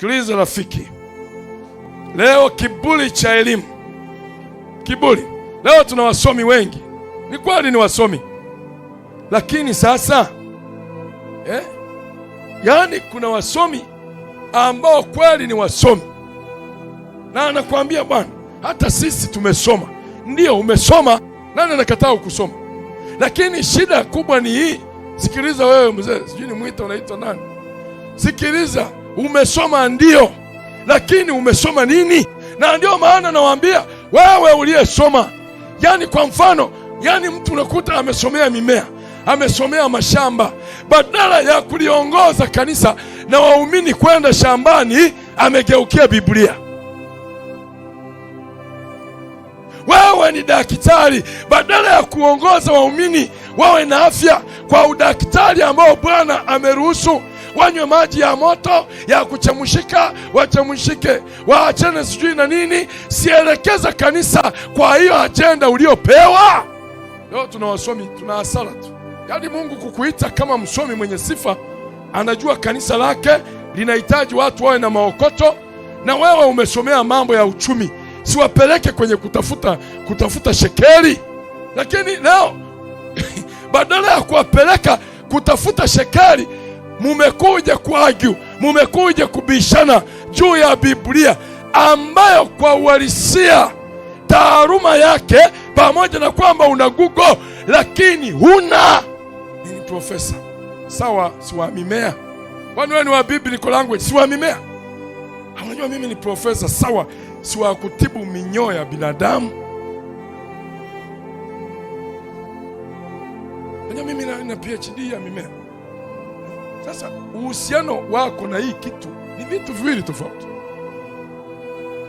Sikiliza rafiki, leo kiburi cha elimu, kiburi. Leo tuna wasomi wengi, ni kweli, ni wasomi lakini sasa eh, yaani kuna wasomi ambao kweli ni wasomi, na anakwambia bwana, hata sisi tumesoma. Ndiyo, umesoma, nani anakataa ukusoma? Lakini shida kubwa ni hii. Sikiliza wewe mzee, sijui ni mwita unaitwa nani, sikiliza Umesoma ndio, lakini umesoma nini? Na ndio maana nawaambia wewe uliyesoma, yani kwa mfano, yani mtu unakuta amesomea mimea, amesomea mashamba, badala ya kuliongoza kanisa na waumini kwenda shambani, amegeukia Biblia. Wewe ni daktari, badala ya kuongoza waumini wawe na afya kwa udaktari ambao Bwana ameruhusu wanywe maji ya moto ya kuchemshika, wachemshike, waachane sijui na nini. Sielekeza kanisa kwa hiyo ajenda uliopewa. Leo tuna wasomi, tuna hasara tu. Yaani Mungu kukuita kama msomi mwenye sifa, anajua kanisa lake linahitaji watu wawe na maokoto, na wewe umesomea mambo ya uchumi, siwapeleke kwenye kutafuta kutafuta shekeli. Lakini leo badala ya kuwapeleka kutafuta shekeli mumekuja agyu, mumekuja kubishana juu ya Biblia ambayo kwa uhalisia taaruma yake pamoja na kwamba una Google lakini huna nini. Profesa sawa, siwa mimea, kwani wewe ni wa biblical language? Siwa mimea, ah, unajua mimi ni profesa sawa, wa kutibu minyoo ya binadamu. Unajua mimi na, na PhD ya mimea sasa uhusiano wako na hii kitu ni vitu viwili tofauti.